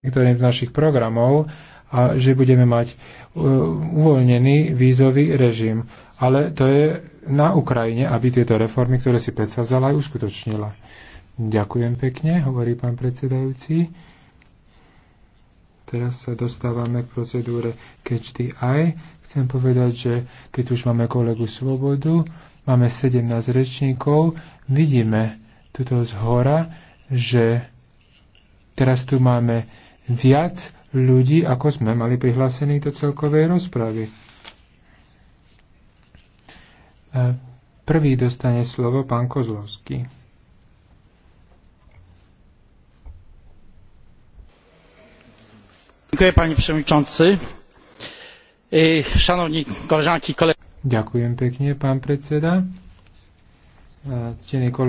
Niektorým z našich programov a že budeme mať e, uvoľnený vízový režim. Ale to je na Ukrajine, aby tieto reformy, ktoré si predsadzala aj uskutočnila. Ďakujem pekne, hovorí pán predsedajúci. Teraz sa dostávame k procedúre Catch the Eye. Chcem povedať, že keď už máme kolegu Svobodu, máme 17 rečníkov, vidíme tuto hora, že teraz tu máme viac ľudí, ako sme mali prihlásení do celkovej rozpravy. E, prvý dostane slovo pán Kozlovský. Dziękuję panie przewodniczący. E, Szanowni koleżanki i koledzy. Ďakujem pekne, pán predseda. E, ctení